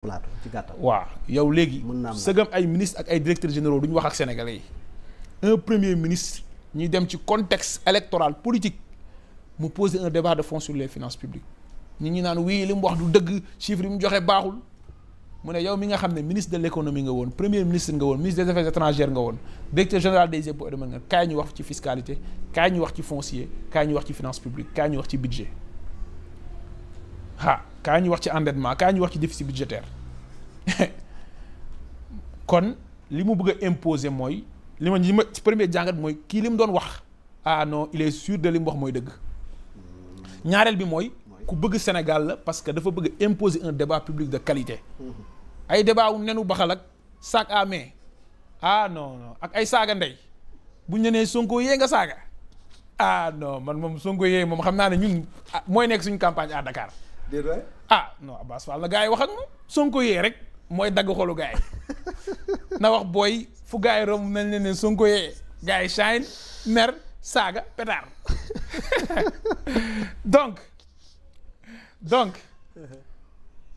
plateau ci waaw yow léegi. mën naa sëgam ay ministre ak ay directeurs généraux du ñu wax ak sénégalais yi. un premier ministre ñuy dem ci contexte électoral politique mu pose un débat de fond sur les finances publiques nit ñi naan wii li mu wax du dëgg chiffre yi mu joxe baaxul mu ne yow mi nga xam ne ministre de l'économie nga woon premier ministre nga woon ministre des affaires étrangères nga woon directeur général des impôts et domaines nga kaay ñu wax ci fiscalité kaay ñu wax ci foncier kaay ñu wax ci finance publique kaay ñu wax ci budget kaa ñu wax ci endettement kaa ñu wax ci déficit budgétaire kon li mu bëgg a mooy li ma li ci premier jàngat mooy kii li mu doon wax ah non il est sûr de li mu wax mooy dëgg ñaareel bi mooy ku bëgg Sénégal la parce que dafa bëgg imposer un débat public de qualité ay débat wu nenu baxal ak sac à mais ah non non ak ay saaga ndey buñ ne nee yee nga saaga ah non man moom Sonko yee moom xam naa ne ñun ah, mooy nekk suñu campagne à Dakar déet waay ah non Abass Fall na gars yi wax ak moom Sonko yee rek mooy dagg xolu gars yi na wax booy fu gars yi romb nañ leen ne Sonko yee gars yi shine mer saaga pétard donc donc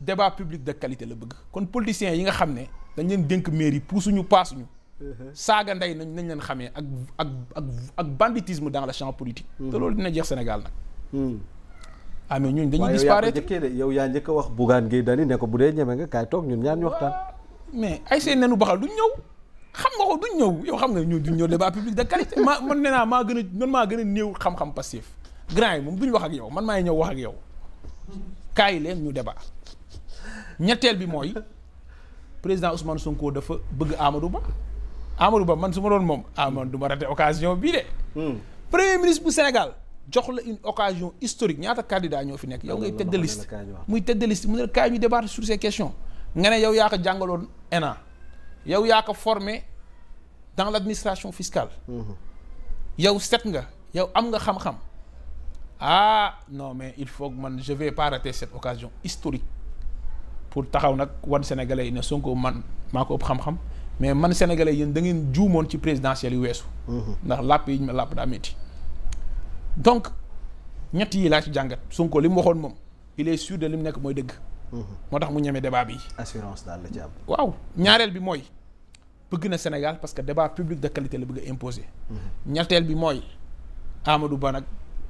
débat public de qualité la bëgg kon politiciens yi nga xam ne dañ leen dénk mairie puusuñu paasuñu saaga ndey nañ nañ leen xamee ak ak ak ak banditisme dans le champ politique te hmm. loolu dina jeex Sénégal nag hmm. ah mais ñun dañuy disparaître yow yaa njëkk wax Bougane Gueye Dany ne ko bu dee ñeme nga kaay toog ñun ñaar ñu waxtaan. mais ay seen nenu baxal duñ ñëw xam nga ko duñ ñëw yow xam nga ñëw duñ ñëw débat public de qualité ma man nee maa gën a man maa gën néew xam-xam passif grand yi moom duñ wax ak yow man maay ñëw wax ak yow kaay leen ñu débat ñetteel bi mooy président Ousmane Sonko dafa bëgg Amadou Ba Amadou Ba man su ma doon moom ah man du ma raté occasion bii de. Hmm. premier ministre bu Sénégal. jox la une occasion historique ñaata candidat ñoo fi nekk yow ngay tête de liste muy tête de liste mu ne kaay ñu sur ces questions nga ne yow yaa ko jàngaloon ENA yow yaa ko formé la l'administration fiscale mhm. yow set nga yow am nga xam-xam ah non mais il faut que man je vais pas cette occasion historique pour taxaw nag wan sénégalais yi ne Sonko man maa ko ëpp xam-xam mais man sénégalais yéen da ngeen juumoon ci présidentielle yu weesu mhm. ndax làpp yi ma làpp daa métti donc ñett yi laa ci jàngat Sonko li mu waxoon moom il est sûr de li mu nekk mooy dëgg. Mhm. moo tax mu ñeme débat bi. assurance daal la ci am. waaw ñaareel bi mooy bëgg na Sénégal parce que débat public de qualité la bëgg a imposer. Mhm. ñetteel bi mooy Amadou Ba nag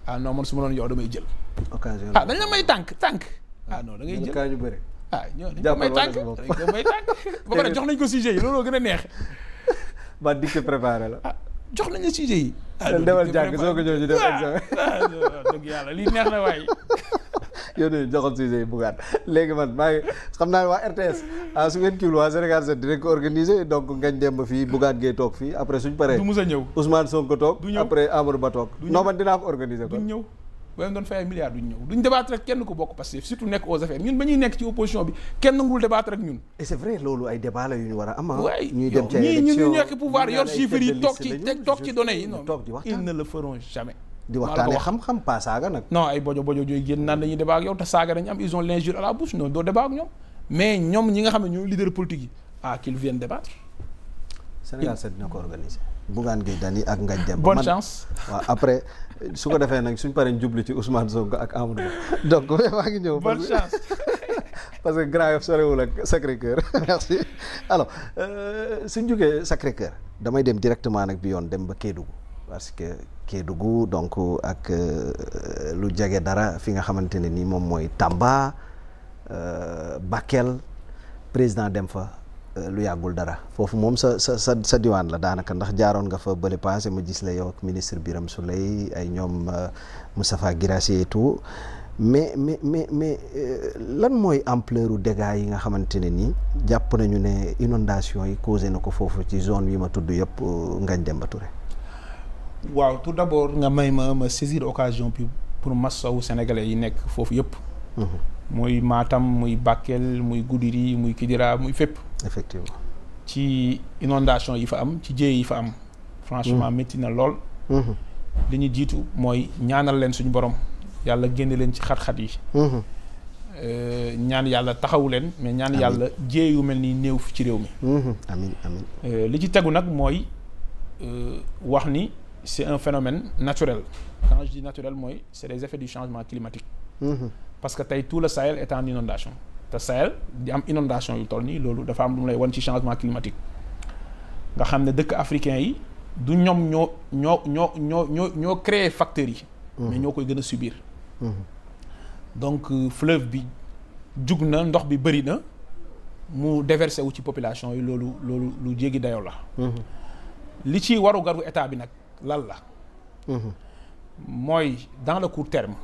ah non su ma doon yow damay jël. occasion ah dañ la may tànk tànk. ah non da ngay jël kaa ñu bëri. ah ñoo dañ ko may tànk dañ ko may jox nañ ko sujet yi looloo gën a neex. ba dikk préparé la. ah jox nañ la sujet yi. Ah, demal jàng soo ko ñëw ñu def examen ah, ah, dëgg yàlla lii neex la waay yow de joxoon sujet yi bugaat léegi man maa ngi xam naa ne waa RTS su ngeen kiiwul waa Sénégal set dinañ ko organiser donc ngañ dem ba fii bugaat ngay toog fii après suñ paree. du mus a ñëw Ousmane Sonko toog. du ñëw après Amadou Ba toog. non man dinaa ko organiser ko ñëw. boo leen doon fay ay milliards duñ ñëw duñ débattre ak kenn ku bokk Pastef surtout nekk aux affaires ñun ba ñuy nekk ci opposition bi kenn nanguwul débattre ñu ah. nekk pouvoir yor chiffres yi toog ci toog ci données yi non ils ne le jamais di waxtaanee xam-xam pas saaga nag non ay bojo bojo jooy génn naan dañuy débat ak yow te saaga dañu am ils ont l'injure à la bouche non doo débat ak ñoom mais ñoom ñi nga xam ne ñooy leader politique yi ah qu'ils viennent débattre Sénégal set su ko defee nag suñ paree jublu ci Ousmane Sonko ak Amadou Ba donc maa ngi ñëw. bonne chance parce que Grand Yoff sorewul ak Sacré Cœur merci alors euh, suñ jógee Sacré Cœur damay dem directement nag bi yoon dem ba Kédougou parce que Kédougou donc ak euh, lu jege dara fi nga xamante ne ni moom mooy Tamba euh, Bakel président dem fa. Euh, lu yàggul dara foofu moom sa sa sa sa diwaan la daanaka ndax jaaroon nga fa bële passé ma gis la yow ak ministre Birame Souleye ay ñoom euh, Moustapha Guirassy et tout mais mais mais mais euh, lan mooy ampleur u yi nga xamante ne nii jàpp nañu ne inondation yi causé na ko foofu ci zone yi ma tudd yëpp Ngagne Demba Touré. waaw tout d'abord nga may ma ma saisir occasion bi pour massawu sénégalais yi nekk foofu yëpp. Mm-hmm. muy Matam muy Bakel muy Goudiri muy Kidira mooy fépp. effectivement ci inondation yi fa am ci jéey yi fa am. franchement mm. métti na lool. Mm-hmm. li ñu jiitu mooy ñaanal leen suñu borom yàlla génne leen ci xat-xat yi. Mm-hmm. Euh, ñaan yàlla taxawu leen. mais ñaan yàlla jéey yu mel ni néew fi ci réew mi. Mm-hmm. amiin euh, li ci tegu nag mooy euh, wax ni c'est un phénomène naturel quand je naturel mooy c'est les effets du changement climatique. parce que tey tout le Sahel est en inondation te Sahel di am inondation yu toll nii loolu dafa am lu mu lay wan ci changement climatique nga xam ne dëkk africain yi du ñoom ñoo ñoo ñoo ñoo ñoo ñoo créer facteurs yi mhm. mais ñoo koy gën a subir mhm. donc euh, fleuve bi jug na ndox bi bëri na mu déversé wu ci population yi loolu loolu lu jéggi dayoo la mhm. li ci waru garu état bi nag lan la mooy dans le court terme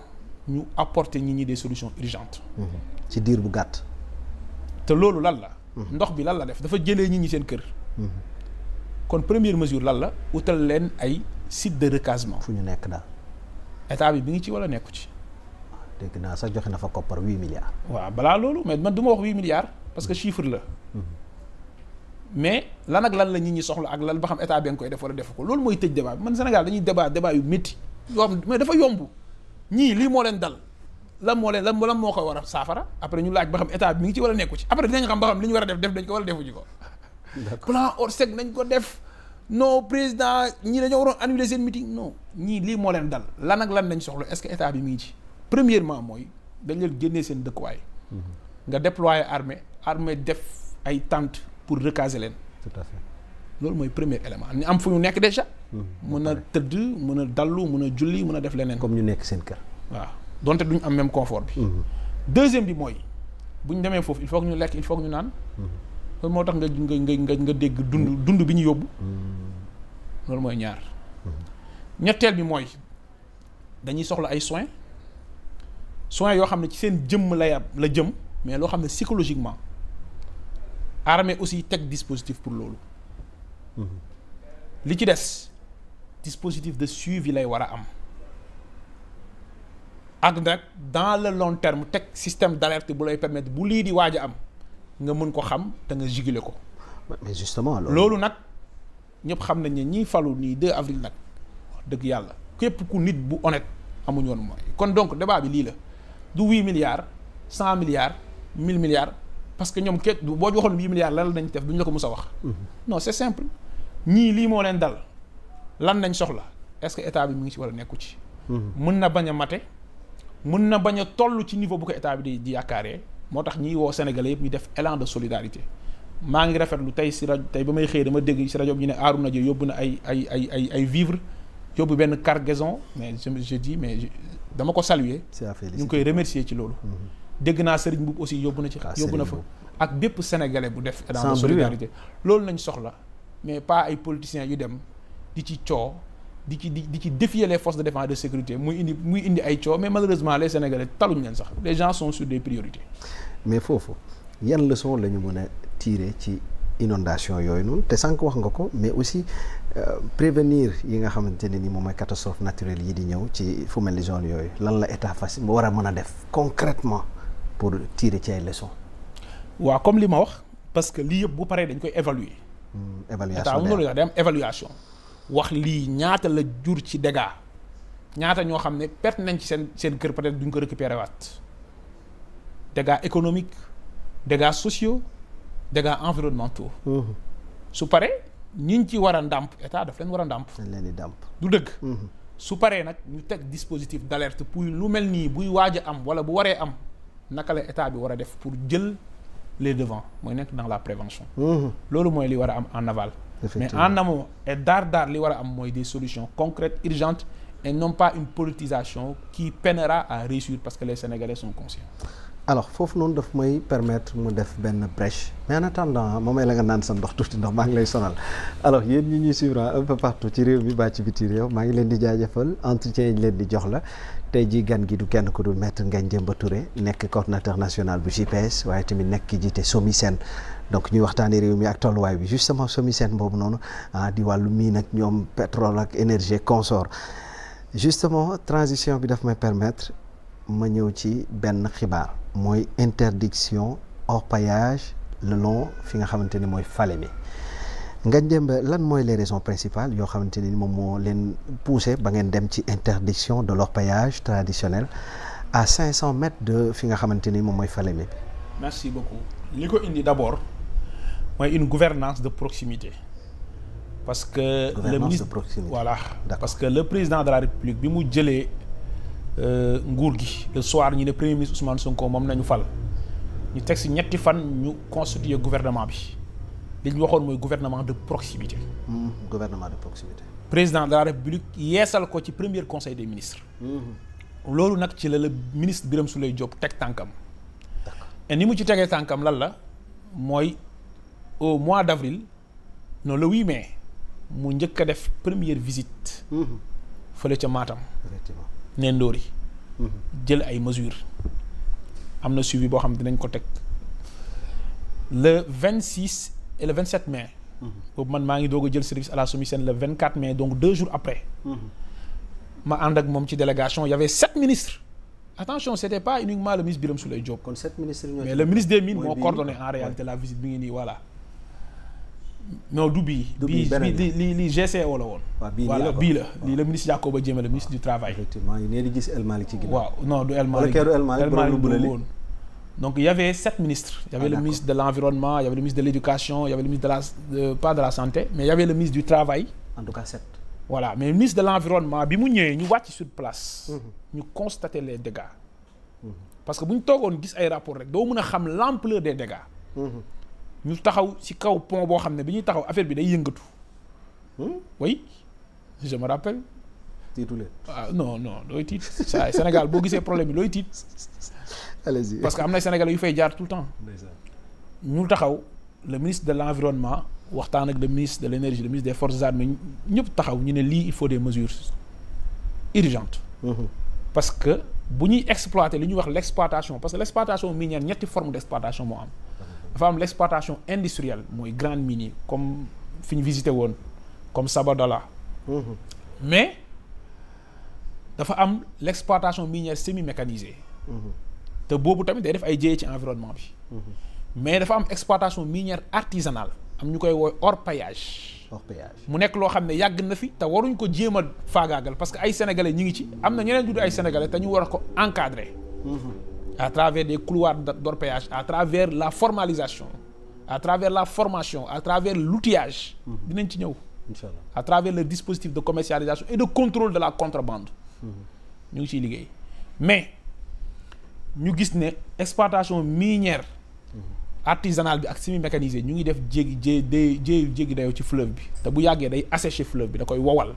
ñu apporter ñi ñi des solutions urgentes. Mm-hmm. ci diir bu gàtt. te loolu lan la. Mm-hmm. ndox bi lan la def dafa jëlee ñi ñi seen kër. Mm-hmm. kon première mesure lan la utal leen ay site de recasement. fu ñu nekk daal. état bi bi ngi ci wala nekku ci. dégg naa sax joxe na fa koppar huit milliards. waaw balaa loolu mais man du ma wax huit milliards parce que chiffre la. mais lan ak lan la nit ñi soxla ak lan ba xam état bi nga koy def wala def ko loolu mooy tëj débat bi man Sénégal dañuy débat débat yu métti. yoo mais dafa yomb. ñii lii moo leen dal lan moo leen lan lan moo ko war a saafara après ñu laaj ba xam état bi mi ngi ci wala nekku ci après dinañ xam ba xam li ñu war a def def dañ ko wala defuñu ko. plan Orsec nañ ko def non président ñii dañoo waroon annuler seen meeting non ñii lii moo leen dal lan ak lan lañ soxla est-ce que état bi mi ngi ci. premièrement mooy dañ leen génnee seen dëkkuwaay. Mhm. nga déployer armée armée def ay tentes pour recaser leen. loolu mooy premier élément ñu am fu ñu nekk déjà. Hmm. mën a tëdd mën a dallu mun a julli mun a def leneen. comme ñu nekk seen kër. waaw donte duñ am même confort bi. Hmm. deuxième bi mooy bu ñu demee foofu il faut que ñu lekk il faut que ñu naan. Hmm. loolu moo tax nga nga nga nga dégg dund dund bi ñu yóbbu. loolu mooy ñaar. ñetteel bi mooy dañuy soxla ay soins soins yoo xam ne ci seen jëmm la yab la jëm mais loo xam ne psychologiquement armée aussi teg dispositif pour loolu. Mhm. li ci des dispositif de suivi lay war a am ak nag dans le long terme teg système d'alerte bu lay permettre bu lii di waaj a am nga mën ko xam te nga jigile ko. mais justement loolu nag ñëpp xam nañ ne ñiy falu nii 2 avril nag dëgg yàlla képp ku nit bu honnête amuñu woon mooy kon donc débat bi lii la du 8 milliards 100 milliards 1000 milliards. parce que ñoom ket boo waxoon huit milliards lan lañ def duñ la ko mus a wax. Mhm. non c'est simple ñii lii moo leen dal lan lañ soxla est-ce que état bi mu ngi ci walla nekku ci. mën mhm. na bañ a mate mën na bañ a toll ci niveau bu ko état bi di yaakaaree moo tax ñiy woo Sénégalais yëpp ñu def élan de solidarité. maa ngi rafetlu tey si rajo tey ba may xëyee dama dégg si rajo bi ñu ne Arouna Dia yóbbu na ay ay ay ay ay vivres yóbbu benn cargaison mais je je mais dama ko saluer. ñu ngi koy remercier ci loolu. Mhm. dégg naa Serigne Mboup aussi yóbbu na ci ah, yóbbu na fa ak bépp sénégalais bu def dans la solidarité loolu nañ soxla mais pas ay politiciens yu dem di ci coo di ci di di ci défier les forces de défense de sécurité muy indi muy indi ay coo mais malheureusement les sénégalais taluñ leen sax les gens sont sur des priorités mais foofu yan leçon la ñu mën a tirer ci inondation yooyu noonu te sànq wax nga ko mais aussi euh, prévenir yi nga xamante ne nii moom ay catastrophe naturelle yi di ñëw ci fu mel yooyu lan la état fas war a mën a def concrètement pour tirer ci ay leçons. waaw comme li ma wax parce que lii yëpp bu paree dañ koy évaluer. Hmm, évaluation état mënul day am wax lii ñaata la jur ci dégâts ñaata ñoo xam ne perte nañ ci seen seen kër peut-être duñ ko récupérer waat dégâts économiques dégâts sociaux dégâts environnementaux. Hmm. su paree ñiñ ci war a ndàmp état daf leen war a ndàmp. dañ leen di ndàmp du dëgg. Hmm. su paree nag ñu teg dispositif d'alerte pour lu mel nii buy waaj am wala bu waree am. naka la état bi war a def pour jël les devants mooy nekk dans la prévention. Mmh. loolu mooy li war a am en naval mais en amont et daar daar li war a am mooy des solutions concrètes urgentes et non pas une politisation qui peinera à réussir parce que les Sénégalais sont conscients. alors foofu noonu daf may permettre mu def benn brèche mais en attendant moom may la nga naan sa ndox tuuti ndox maa ngi lay sonal alors yéen ñi ñuy suivre un peu partout ci réew mi baa ci biti réew maa ngi leen di jaajëfal entretien yi leen di jox la tey ji gan gi du kenn ko dul maître Ngagne Demba Touré nekk coordonnateur national bu GPS waaye tamit nekk ki jiite SOMISEN donc ñuy waxtaanee réew mi ak tolluwaay bi justement SOMISEN boobu noonu ah di wàllu mine ak ñoom pétrole ak énergie consort justement transition bi daf may permettre ma ñëw ci benn xibaar. mooy interdiction orpaillage le long fi nga xamante ni mooy fale mi Ngagne Demba lan mooy les raisons principales yoo xamante ni moom moo leen poussé ba ngeen dem ci interdiction de payage traditionnel à 500 mètres de fi nga xamante ni moom mooy fale mi. merci beaucoup li ko indi d'abord mooy une gouvernance de proximité. parce que gouvernance le ministre de proximité voilà parce que le président de la République bi mu jëlee. Euh, nguur gi le soir ñu ne premier ministre Ousmane Sonko moom nañu fal ñu teg si ñetti fan ñu constituer gouvernement bi li ñu waxoon mooy gouvernement de proximité. Hmm, gouvernement de proximité. président de la république yeesal ko ci premier conseil de ministres. Hmm. loolu nag ci la la ministre Birame Souleye Diop teg tànkam. ni mu ci tegee tànkam lan la mooy au mois d' avril non le 8 mai mu njëkk a def première visite. Hmm. fële ca maatam nendoori mhm. jël ay mesures am na suivi boo xam ne dinañ ko teg le vingt six et le vingt sept mai mhm. boobu man maa ngi doog jël service à la SOMISEN le vingt quatre mai donc deux jours après mhm. ma ànd ak moom ci délégation y sept ministres attention c'était pas uniquement le ministre Birame Souleye Diop kon mais le ministre des mines moo coordonné en réalité la visite bi ngi nii voilà non du bii. du bii beneen bi li li GCO la e woon. waaw bii la bii la lii la ministre Yacoba Diémé la ministre du travail. waaw non du El Malick El Malick du y avait sept ministres. y avait ah, le ministre de l'environnement y avait le ministre de l'éducation y avait le ministre de la pas de la santé mais y avait le ministre du travail. en tout cas sept. voilà mais ministre de l'environnement bi mu ñëwee ñu wàcc sur place. ñu constater les dégâts. parce que bu ñu toogoon gis ay rapport rek doo m a xam l'ampleur des dégâts. ñu taxaw ci kaw pont boo xam ne bi ñuy taxaw affaire bi day yëngatu. Hmm? oui je me rappelle. tiitu leen ah non non looy tiit saa Sénégal boo gisee problème bi looy tiit. allez-y parce que am na Sénégalais yu fay jaar tout le temps. ñu taxaw le ministre de l'environnement waxtaan ak le ministre de l'énergie le ministre des forces armées ñëpp taxaw ñu ne lii il faut des mesures urgentes. Hmm. parce que bu ñuy exploiter li ñuy wax l'exploitation parce que l'exploitation minière ñetti forme d'exploitation moo am. dafa am l'exploitation industrielle mooy grande mine comme fi ñu visité woon comme Sabodala mhm. mais dafa am l'exploitation minière semi-mécanisée mhm. te boobu tamit day def ay jéye ci environnement bi mhm. mais dafa am exploitation minière artisanale am ñu koy wooy hors paillage hors mu nekk loo xam ne yàgg na fi te waruñ ko jéem a faagaagal parce que ay sénégalais ñi ngi ci am na ñeneen dudd ay sénégalais te ñu war a ko encadrer à travers des couloirs d'orpaillage à travers la formalisation à travers la formation à travers l'outillage mhm. dinañ ci ñëw inchallah à travers le dispositif de commercialisation et de contrôle de la contrebande mhm. ñu ngi ciy liggéey mais ñu gis ne exploitation minière mhm. artisanale bi ak semi mécanisée ñu ngi def jéegi jé day jéegi dayoo ci fleuve bi te bu yàggee day assécher fleuve bi da koy wowal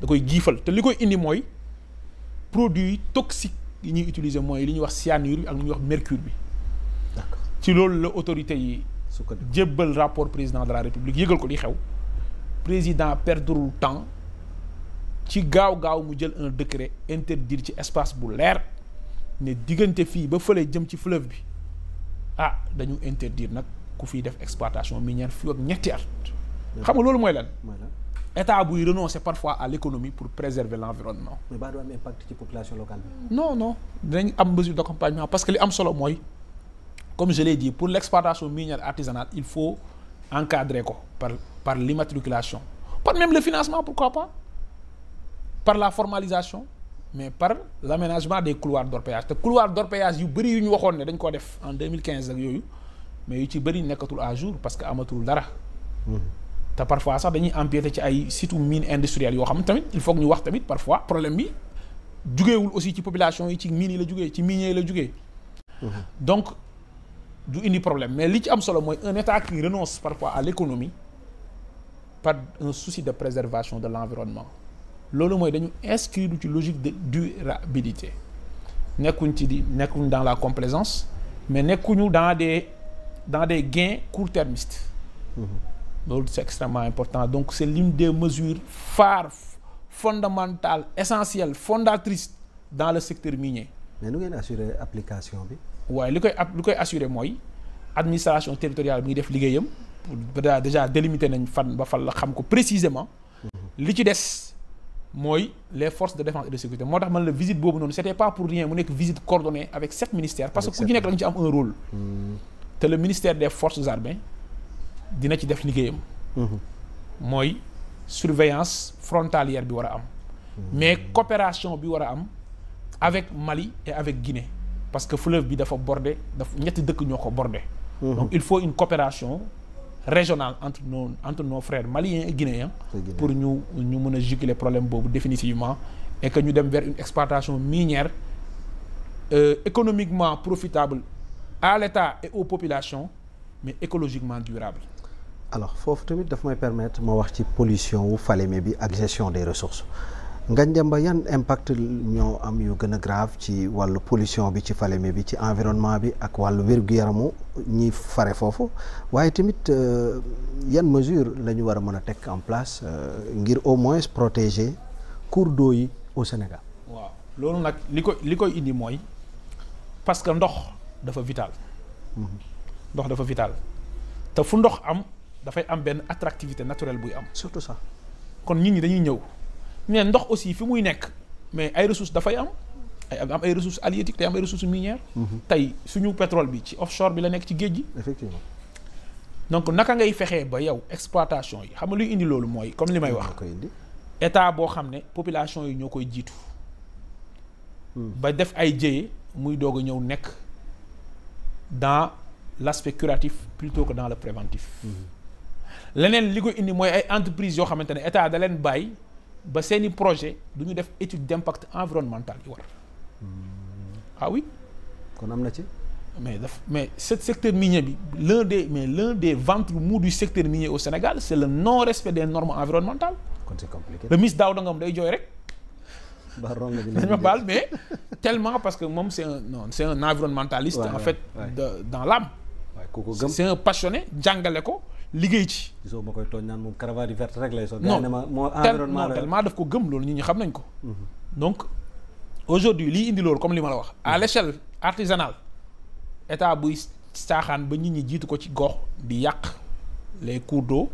da koy giifal te li koy indi mooy produit toxique li ñuy utiliser mooy li ñu wax cyanure bi ak lu ñuy wax mercure bi. ci loolu la autorité yi. jébbal rapport président de la république yëgal ko li xew. président perdrewul temps ci gaaw gaaw mu jël un décret interdire ci espace bu leer ne diggante fii ba fële jëm ci fleuve bi ah dañu interdire nag ku fiy def exploitation minière fii ñetti at. xam nga loolu mooy lan. état buy renoncer parfois à l'économie pour préserver l'environnement. mais ba du am impact ci population locale non non dinañ am mesure d'accompagnement parce que li am solo mooy comme je l'ai dit pour l'exploitation minière artisanale il faut encadrer ko par par l'immatriculation par même le financement pourquoi pas par la formalisation mais par l'aménagement des couloirs d'orpaillage te couloirs d'orpaillage yu bëri yu ñu waxoon ne dañ koo def en 2015 ak yooyu mais yu ci bëri nekkatul à jour parce que amatul dara. Mm-hmm. te parfois sax dañuy empiété ci ay sites mine industrielle yoo xam tamit il faut ñu wax tamit parfois problème bi jugeewul aussi ci population yi ci mine yi la jugee ci minier la jugee. Mhm. donc du indi problème mais li ci am solo mooy un état qui renonce parfois à l'économie par un souci de préservation de l'environnement loolu mooy dañu inscrire ci logique de durabilité nekkuñ ci di nekkuñ dans la complaisance mais nekkuñu dans des dans des gains court-termistes. Mhm. loolu c'est extrêmement important donc c'est l'une des mesures phares fondamentales essentielles fondatrices dans le secteur minier. mais nu ngeen bi. waaye li koy li koy assure mooy administration territoriale bi ngi def liggéeyam pour déjà délimité nañ fan ba fan la xam ko précisément. Mhm. li ci des mooy les forces de défense et de sécurité moo tax man la visite boobu noonu c'était pas pour rien mu nekk visite coordonnée avec sept ministères. parce ku ci nekk da ci am un rôle. Mhm. te le ministère des forces armées. dina ci def liggéeyam. mooy surveillance frontalière bi war a am. mais coopération bi war a am avec Mali et avec Guinée parce que fleuve bi dafa borde dafa ñetti dëkk ñoo ko borde il faut une coopération régionale entre nos entre nos frères maliens et guinéens. pour ñu ñu mën a juguler problème boobu définitivement. et que ñu dem vers une exploitation minière euh, économiquement profitable à l'État et aux population mais écologiquement durable. alors foofu tamit daf may permettre ma wax ci pollution wu Falémé bi ak gestion des ressources Ngagne ba yan impact ñoo am yu gën a grave ci wàllu pollution bi ci Falémé bi ci environnement bi ak wàllu wér-gu-yaramu ñi fare foofu waaye tamit euh, yan mesure la ñu war a mën a teg en place euh, ngir au moins protéger cours d'eau yi au Sénégal. waaw loolu nag li ko li koy indi mooy parce que ndox dafa vital. Mhm. ndox dafa vital te fu ndox am. dafay am benn atractivité naturelle buy am. surtout ça kon nit ñi dañuy ñëw mais ndox aussi fi muy nekk mais ay ressources dafay am ay am ay ressources halieutiques day am ay mhm. tey suñu pétrole bi ci offshore bi la nekk ci géej gi. effectivement donc naka ngay fexee ba yow exploitation yi xam nga indi loolu mooy comme li may wax. état boo xam ne population yi ñoo koy jiitu. Hmm. ba def ay jéye muy doog a ñëw nekk dans l'aspect curatif plutôt que dans le préventif. Hmm. leneen li ko indi mooy ay entreprise yoo xamante ne état da leen bàyyi ba seeni projet du ñu def étude d'impact environnemental yi war hmm. ah oui kon am na ci mais daf mais ce secteur minier bi l'un de mais l'un des ventres mous du secteur minier au Sénégal c'est le non respect des normes environnementales kon c'est compliqué le ministre Daouda Ngom day jooy rek dañ ma baal mais tellement parce que moom c'est un non c'est un environnementaliste ouais, en ouais, fait ouais. de dans l'âme c'est un passionné jàngale ko liggéey ci. gisoo ma koy tooñ naan moom cravate verte rek lay sol. non non tellement daf ko gëm loolu nit ñi xam nañ ko. Mhm. donc aujourd'hui lii indi loolu comme li ma la wax. à mhm. l'échelle artisanale état buy saaxaan ba ñu ñi jiitu ko ci gox di yàq les cours d'eau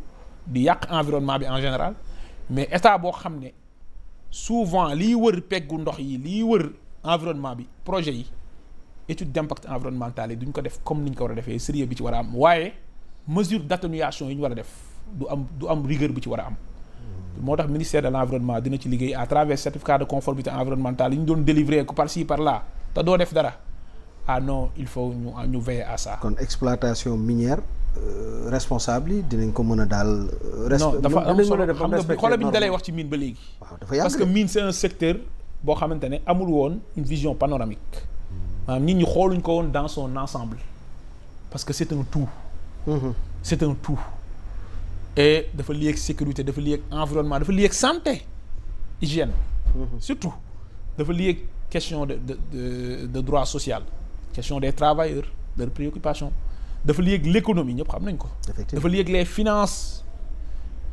di yàq environnement bi en général mais état boo xam ne souvent liy wër peggu ndox yi liy wër environnement bi projet yi étude d'impact environnemental yi duñ ko def comme niñ ko war a defee sérieux bi ci war a am waaye. mesure d'atténuation yi ñu war a def du am du am rigueur bu ci war a am moo tax ministère de l'environnement dina ci liggéey à travers certificat de conformité environnementale yi ñu doon délivrer ko par ci par là te doo def dara ah non il faut ñu ñu veiller à ça. kon exploitation minière euh, responsable yi dinañ ko mën a daal. Euh, non dafa am solo xam nga xoolal bi ñu dalay wax ci mine ba léegi. waaw dafa parce que mine c'est un secteur boo xamante ne amul woon une vision panoramique maanaam nit ñi xooluñ ko woon dans son ensemble parce que c'est Mm-hmm. c'est un tout e dafa lié sécurité dafa lié ak environnement dafa lié santé hygiène mm-hmm. surtout dafa lié question de de de, de droit social question des travailleurs leurs préoccupations dafa lié ak l'économie ñëpp xam nañ ko dafa lié ak les finances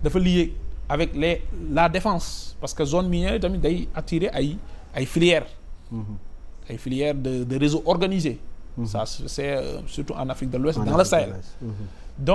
dafa lié avec les la défense parce que zone minière tamit day attirer ay ay filières mm-hmm. ay filières de de réseaux organisés ça c'est euh, surtout en Afrique de l'Ouest dans le Sahel